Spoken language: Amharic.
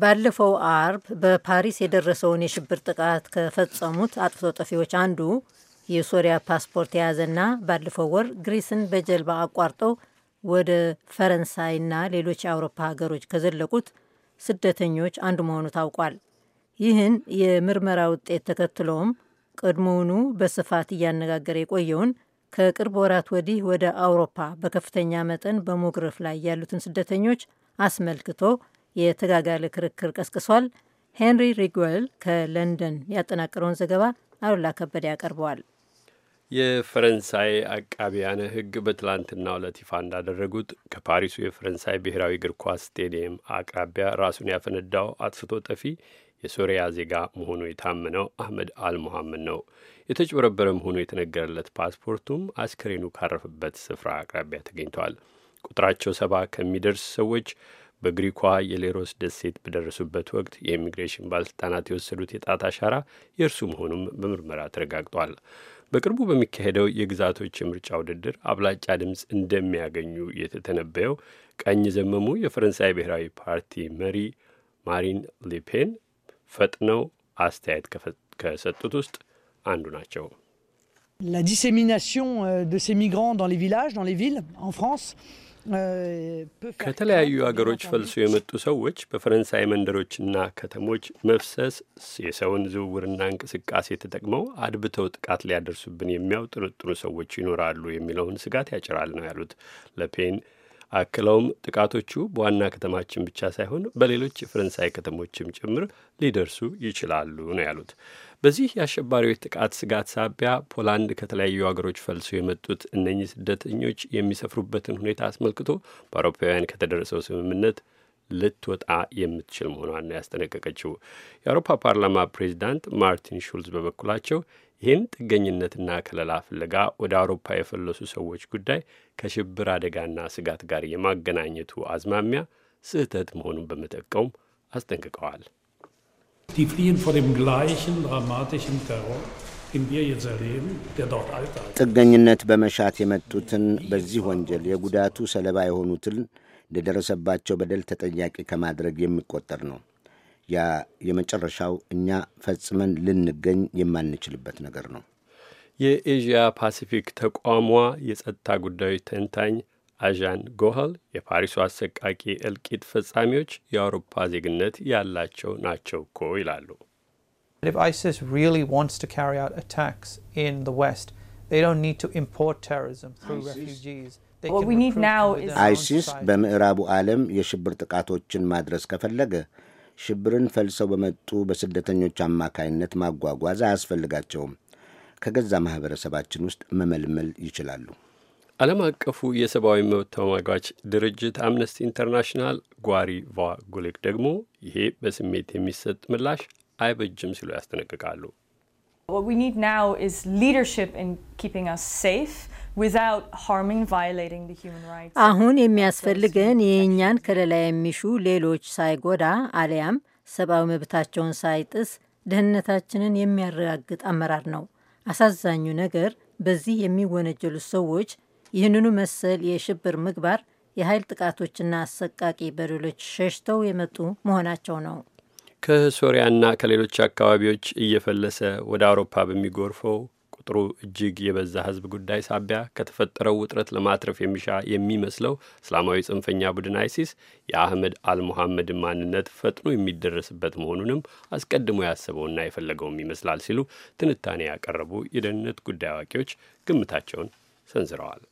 ባለፈው አርብ በፓሪስ የደረሰውን የሽብር ጥቃት ከፈጸሙት አጥፍቶ ጠፊዎች አንዱ የሶሪያ ፓስፖርት የያዘና ባለፈው ወር ግሪስን በጀልባ አቋርጠው ወደ ፈረንሳይና ሌሎች የአውሮፓ ሀገሮች ከዘለቁት ስደተኞች አንዱ መሆኑ ታውቋል። ይህን የምርመራ ውጤት ተከትሎም ቀድሞውኑ በስፋት እያነጋገረ የቆየውን ከቅርብ ወራት ወዲህ ወደ አውሮፓ በከፍተኛ መጠን በሞግረፍ ላይ ያሉትን ስደተኞች አስመልክቶ የተጋጋለ ክርክር ቀስቅሷል። ሄንሪ ሪግዌል ከለንደን ያጠናቀረውን ዘገባ አሉላ ከበደ ያቀርበዋል። የፈረንሳይ አቃቢያነ ሕግ በትላንትናው ዕለት ይፋ እንዳደረጉት ከፓሪሱ የፈረንሳይ ብሔራዊ እግር ኳስ ስቴዲየም አቅራቢያ ራሱን ያፈነዳው አጥፍቶ ጠፊ የሶሪያ ዜጋ መሆኑ የታመነው አህመድ አልሙሐመድ ነው። የተጭበረበረ መሆኑ የተነገረለት ፓስፖርቱም አስከሬኑ ካረፈበት ስፍራ አቅራቢያ ተገኝተዋል። ቁጥራቸው ሰባ ከሚደርስ ሰዎች በግሪኳ የሌሮስ ደሴት በደረሱበት ወቅት የኢሚግሬሽን ባለስልጣናት የወሰዱት የጣት አሻራ የእርሱ መሆኑም በምርመራ ተረጋግጧል። በቅርቡ በሚካሄደው የግዛቶች የምርጫ ውድድር አብላጫ ድምፅ እንደሚያገኙ የተተነበየው ቀኝ ዘመሙ የፈረንሳይ ብሔራዊ ፓርቲ መሪ ማሪን ሌፔን ፈጥነው አስተያየት ከሰጡት ውስጥ አንዱ ናቸው። La dissémination euh, de ces migrants dans les villages, dans les villes, en France, ከተለያዩ አገሮች ፈልሶ የመጡ ሰዎች በፈረንሳይ መንደሮችና ከተሞች መፍሰስ የሰውን ዝውውርና እንቅስቃሴ ተጠቅመው አድብተው ጥቃት ሊያደርሱብን የሚያውጥርጥሩ ሰዎች ይኖራሉ የሚለውን ስጋት ያጭራል ነው ያሉት ለፔን አክለውም ጥቃቶቹ በዋና ከተማችን ብቻ ሳይሆን በሌሎች የፈረንሳይ ከተሞችም ጭምር ሊደርሱ ይችላሉ ነው ያሉት። በዚህ የአሸባሪዎች ጥቃት ስጋት ሳቢያ ፖላንድ ከተለያዩ ሀገሮች ፈልሰው የመጡት እነኚህ ስደተኞች የሚሰፍሩበትን ሁኔታ አስመልክቶ በአውሮፓውያን ከተደረሰው ስምምነት ልትወጣ የምትችል መሆኗን ያስጠነቀቀችው። የአውሮፓ ፓርላማ ፕሬዚዳንት ማርቲን ሹልዝ በበኩላቸው ይህን ጥገኝነትና ከለላ ፍለጋ ወደ አውሮፓ የፈለሱ ሰዎች ጉዳይ ከሽብር አደጋና ስጋት ጋር የማገናኘቱ አዝማሚያ ስህተት መሆኑን በመጠቀውም አስጠንቅቀዋል። ጥገኝነት በመሻት የመጡትን በዚህ ወንጀል የጉዳቱ ሰለባ የሆኑትን ለደረሰባቸው በደል ተጠያቂ ከማድረግ የሚቆጠር ነው። ያ የመጨረሻው እኛ ፈጽመን ልንገኝ የማንችልበት ነገር ነው። የኤዥያ ፓሲፊክ ተቋሟ የጸጥታ ጉዳዮች ተንታኝ አዣን ጎኸል የፓሪሱ አሰቃቂ እልቂት ፈጻሚዎች የአውሮፓ ዜግነት ያላቸው ናቸው እኮ ይላሉ። አይሲስ አይሲስ በምዕራቡ ዓለም የሽብር ጥቃቶችን ማድረስ ከፈለገ ሽብርን ፈልሰው በመጡ በስደተኞች አማካይነት ማጓጓዝ አያስፈልጋቸውም። ከገዛ ማኅበረሰባችን ውስጥ መመልመል ይችላሉ። ዓለም አቀፉ የሰብአዊ መብት ተሟጋች ድርጅት አምነስቲ ኢንተርናሽናል ጓሪ ቫ ጉሌክ ደግሞ ይሄ በስሜት የሚሰጥ ምላሽ አይበጅም ሲሉ ያስጠነቅቃሉ። What we need now is leadership in keeping us safe. አሁን የሚያስፈልገን የእኛን ከለላ የሚሹ ሌሎች ሳይጎዳ አሊያም ሰብአዊ መብታቸውን ሳይጥስ ደህንነታችንን የሚያረጋግጥ አመራር ነው። አሳዛኙ ነገር በዚህ የሚወነጀሉት ሰዎች ይህንኑ መሰል የሽብር ምግባር፣ የኃይል ጥቃቶችና አሰቃቂ በደሎች ሸሽተው የመጡ መሆናቸው ነው። ከሶሪያና ከሌሎች አካባቢዎች እየፈለሰ ወደ አውሮፓ በሚጎርፈው ቁጥሩ እጅግ የበዛ ህዝብ ጉዳይ ሳቢያ ከተፈጠረው ውጥረት ለማትረፍ የሚሻ የሚመስለው እስላማዊ ጽንፈኛ ቡድን አይሲስ የአህመድ አልሙሐመድን ማንነት ፈጥኖ የሚደረስበት መሆኑንም አስቀድሞ ያሰበውና የፈለገውም ይመስላል ሲሉ ትንታኔ ያቀረቡ የደህንነት ጉዳይ አዋቂዎች ግምታቸውን ሰንዝረዋል።